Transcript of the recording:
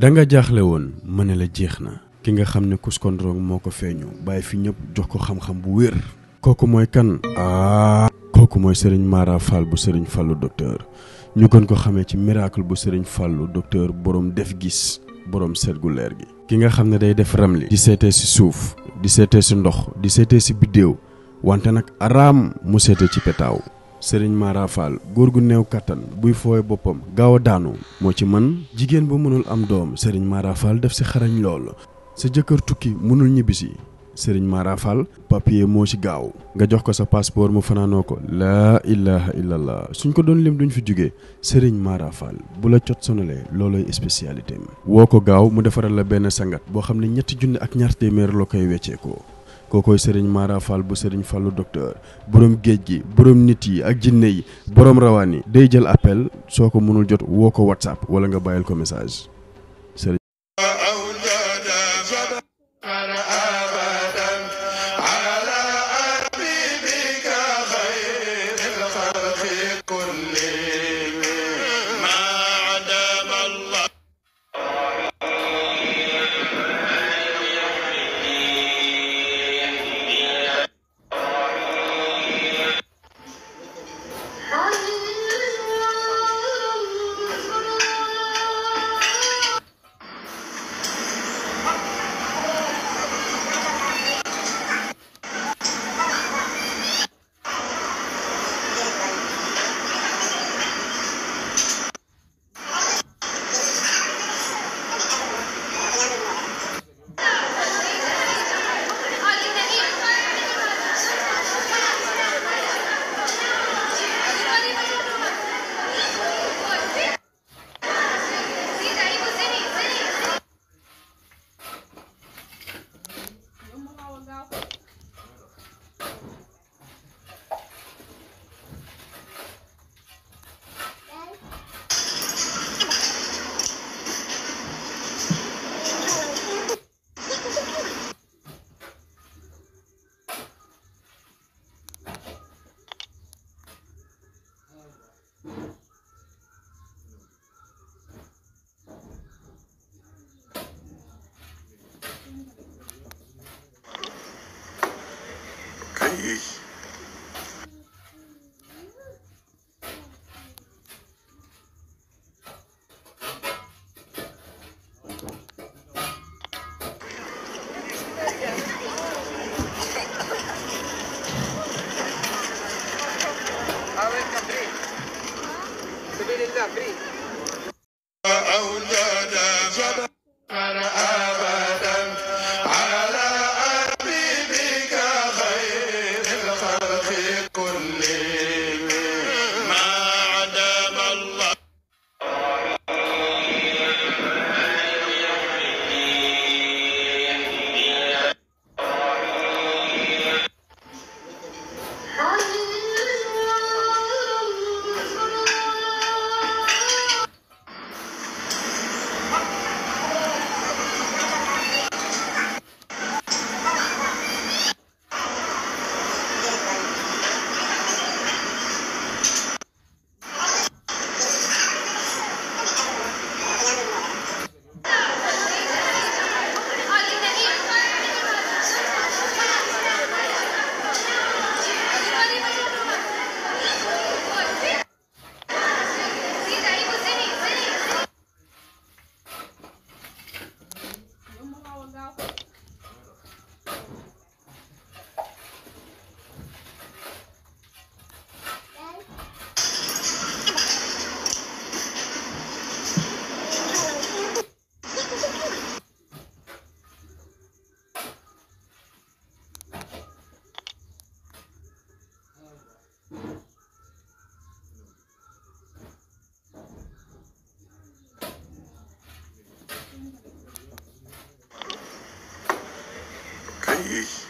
da nga jaaxle woon ma ne la jeex na ki nga xam ne Kuskondorong moo ko feeñu bàyyi fi ñëpp jox ko xam-xam bu wér. kooku mooy kan. ah kooku mooy Serigne Mara bu Serigne Fallou docteur ñu gën ko xamee ci miracle bu Serigne Fallou docteur borom def gis borom seet gu leer gi. ki nga xam ne day def ramli. di seetee si suuf di seetee si ndox di seetee si biddéew wante nag araam mu seetee ci petaaw. Serigne Mara góor gu néew kattan buy fooy boppam gaaw a daanu moo ci man jigéen bu mënul am doom Serigne Mara Fall def si xarañ lool sa jëkkër tukki mënul ñibbisi Serigne Mara Fall moo ci gaaw nga jox ko sa passeport mu fanaanoo ko laa ilaha illallah suñ ko doon lim duñ fi jóge Serigne Mara Fall bu la cot sonalee looloy spécialité mi woo ko gaaw mu defaral la benn sangat boo xam ne ñetti junni ak ñaar téeméer loo koy wecceekoo kookooy sëriñ Mara Fall bu sëriñ Fallu docteur borom géej gi borom nit yi ak jinne yi borom rawaan yi day jël appel soo ko mënul jot woo ko whatsapp wala nga bàyyil ko message Ale na bryk. Sobie nie da bryk. Salut